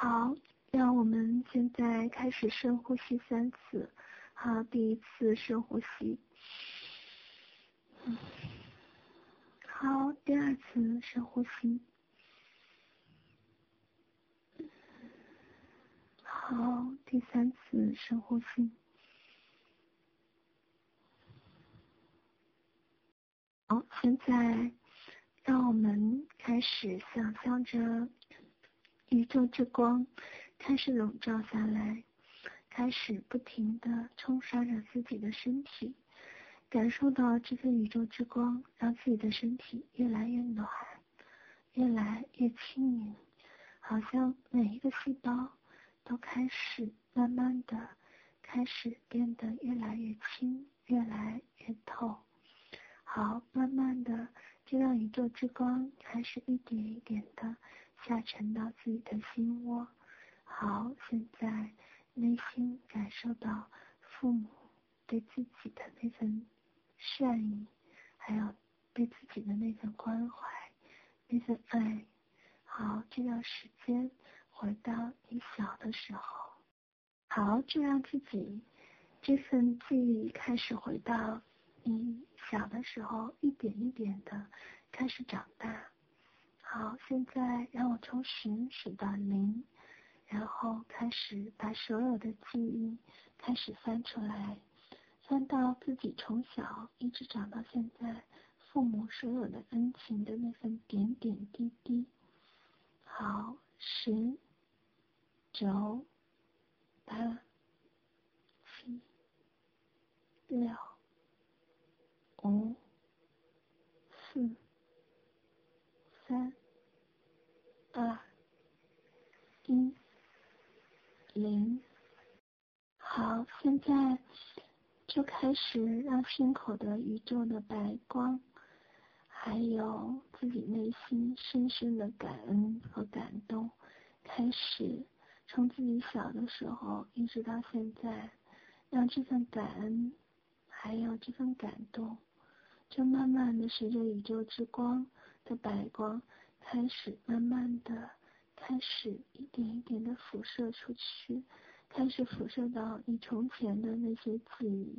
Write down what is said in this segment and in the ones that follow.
好，讓我們現在開始深呼吸三次。好，第一次深呼吸。好，第二次深呼吸。好，第三次深呼吸。好，現在讓我們開始想象着。宇宙之光開始籠罩下來，開始不停的沖刷着自己的身體，感受到這個宇宙之光，讓自己的身體越來越暖，越來越輕盈，好像每一個細胞都開始慢慢的開始變得越來越輕，越來越透。好，慢慢的，就讓宇宙之光開始一點一點的。下沉到自己的心窩。好，現在內心感受到父母對自己的那份善意，還有對自己的那份關懷，那份愛。好，這段時間回到你小的時候。好，就讓自己這份記憶開始回到你小的時候，一點一點的開始長大。好，現在讓我從十數到零，然後開始把所有的記憶開始翻出來，翻到自己從小一直長到現在，父母所有的恩情的那份點點滴滴。好，十、九、八、七、六、五、四、三。二，一，零，好，現在就開始讓心口的宇宙的白光，還有自己內心深深的感恩和感動，開始從自己小的時候一直到現在，讓這份感恩還有這份感動，就慢慢的隨着宇宙之光的白光。開始慢慢的，開始一點一點的輻射出去，開始輻射到你從前的那些記憶，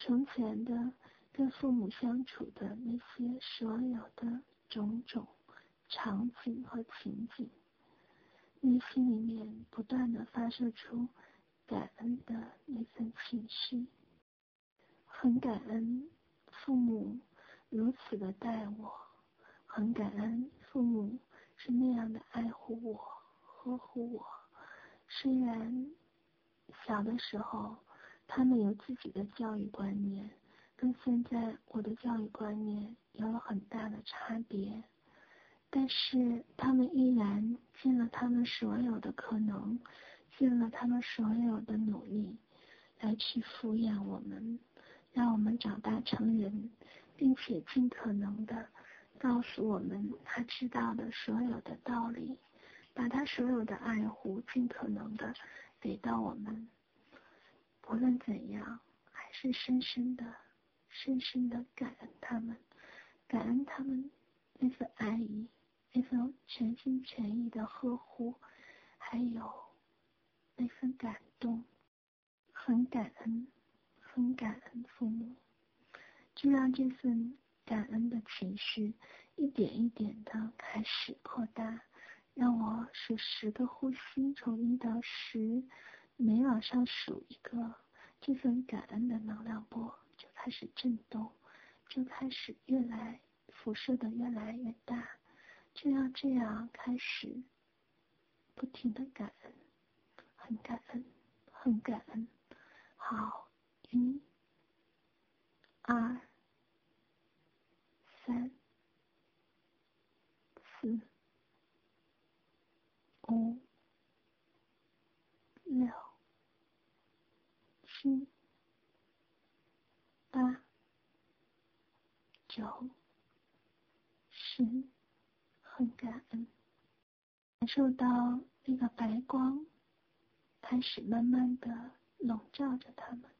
從前的跟父母相處的那些所有的種種場景和情景，內心裡面不斷的發射出感恩的那份情緒，很感恩父母如此的待我。很感恩父母是那樣的愛護我、呵護我。雖然小的時候，他們有自己的教育觀念，跟現在我的教育觀念有了很大的差別，但是他們依然盡了他們所有的可能，盡了他們所有的努力，來去撫養我們，讓我們長大成人，並且盡可能的。告訴我們他知道的所有的道理，把他所有的愛護盡可能的給到我們。不論怎樣，還是深深的、深深的感恩他們，感恩他們那份愛意，那份全心全意的呵護，還有那份感動。很感恩，很感恩父母，就讓這份。感恩的情緒一點一點的開始擴大，讓我數十個呼吸，從一到十，每往上數一個，這份感恩的能量波就開始震動，就開始越來輻射的越來越大，就要這樣開始不停的感恩，很感恩，很感恩，好，一，二、三、四、五、六、七、八、九、十，很感恩，感受到那個白光開始慢慢的籠罩着他們。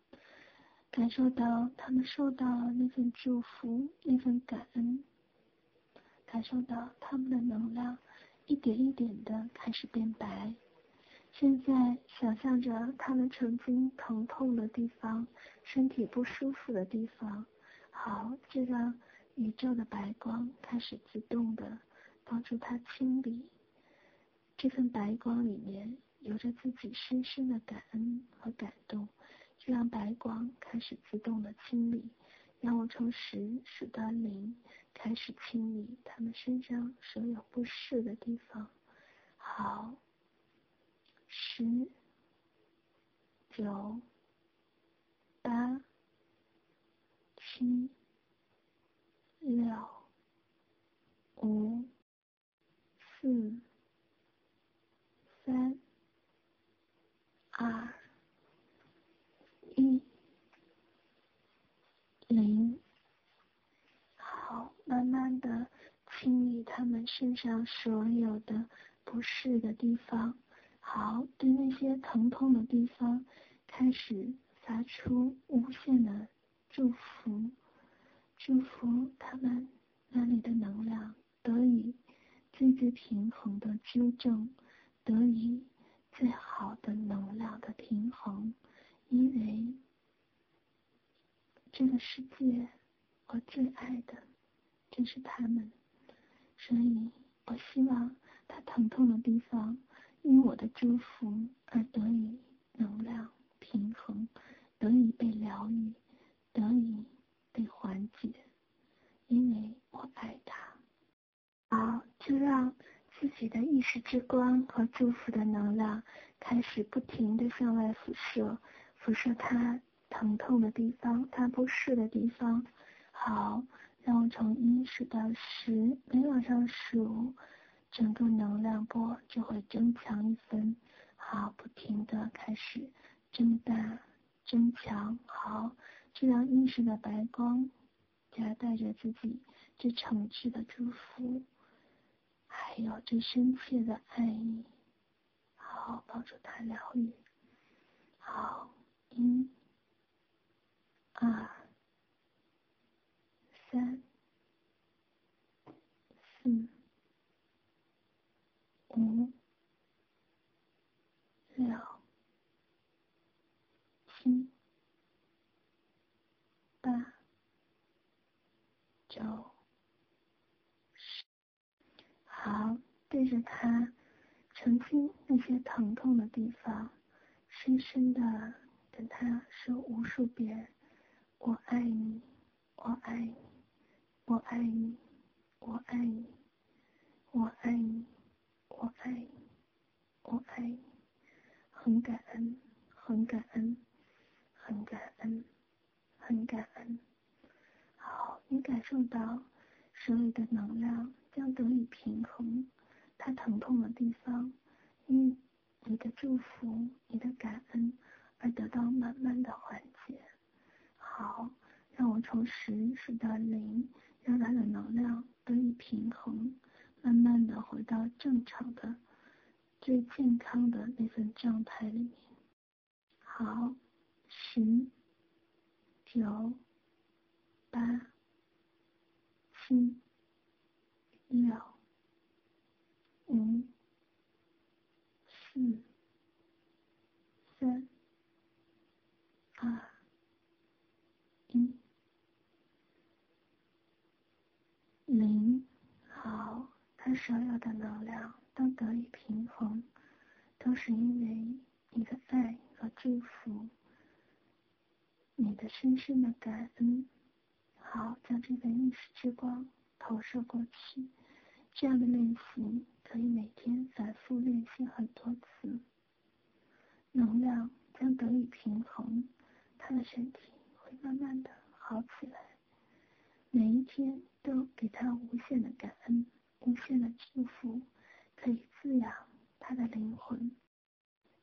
感受到他們受到那份祝福，那份感恩。感受到他們的能量一點一點的開始變白。現在想象着他們曾經疼痛的地方，身體不舒服的地方，好，就讓宇宙的白光開始自動的幫助他清理。這份白光裡面有着自己深深的感恩和感動。就讓白光開始自動的清理，讓我從十數到零，開始清理他們身上所有不適的地方。好，十、九、八、七、六、五、四、三、二。零，好，慢慢的清理他們身上所有的不適的地方，好，對那些疼痛的地方，開始發出無限的祝福，祝福他們那裡的能量得以最最平衡的糾正，得以最好的能量的平衡，因為。這個世界，我最愛的，就是他們，所以我希望他疼痛的地方，因我的祝福而得以能量平衡，得以被療癒，得以被緩解，因為我愛他。好，就讓自己的意識之光和祝福的能量開始不停的向外輻射，輻射它。疼痛的地方，他不適的地方，好，然後從一數到十，每往上數，整個能量波就會增強一分，好，不停的開始增大、增強，好，這樣意識的白光，夾帶着自己最誠摯的祝福，還有最深切的愛意，好，幫助他療癒，好，一、嗯。二、三、四、五、六、七、八、九、十。好，對着他曾經那些疼痛的地方，深深的跟他說無數遍。我愛你，我愛你，我愛你，我愛你，我愛你，我愛你，我愛你，我愛你，我愛你，很感恩，很感恩，很感恩，很感恩。好，你感受到手裡的能量將得以平衡，它疼痛的地方因、嗯、你的祝福、你的感恩而得到慢慢的緩解。好，讓我從十數到零，讓他的能量得以平衡，慢慢的回到正常的、最健康的那份狀態裡面。好，十、九、八、七、六、五、四、三、二。所有的能量都得以平衡，都是因為你的愛和祝福，你的深深的感恩。好，將這份意識之光投射過去。這樣的練習可以每天反覆練習很多次。能量將得以平衡，他的身體會慢慢的好起來。每一天都給他無限的感恩。無限的祝福可以滋養他的靈魂。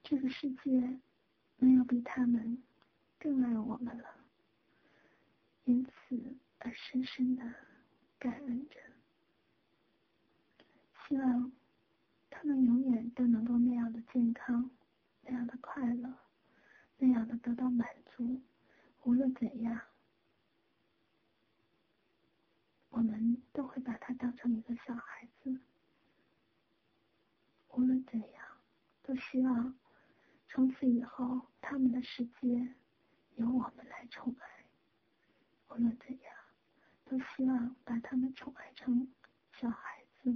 這個世界沒有比他們更愛我們了，因此而深深的感恩着。希望他們永遠都能夠那樣的健康，那樣的快樂，那樣的得到滿足。無論怎樣。像一個小孩子，無論怎樣，都希望從此以後他們的世界由我們來寵愛。無論怎樣，都希望把他們寵愛成小孩子，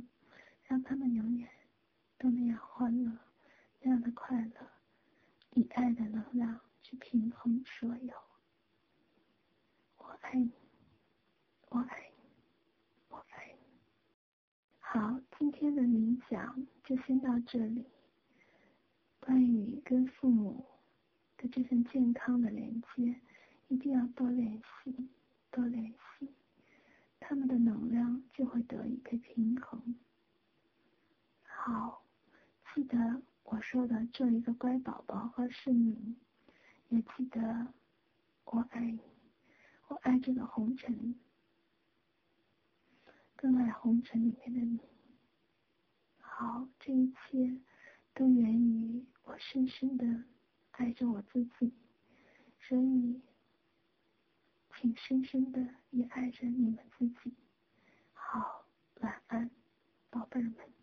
讓他們永遠都那樣歡樂，那樣的快樂，以愛的能量去平衡所有。我愛你，我愛你。好，今天的冥想就先到這裡。關於跟父母的這份健康的連接，一定要多聯繫，多聯繫，他們的能量就會得以被平衡。好，記得我說的做一個乖寶寶，或是你，也記得我愛你，我愛這個紅塵。深愛紅塵裡面的你。好，這一切都源於我深深的愛着我自己，所以，請深深的也愛着你們自己。好，晚安，寶貝兒們。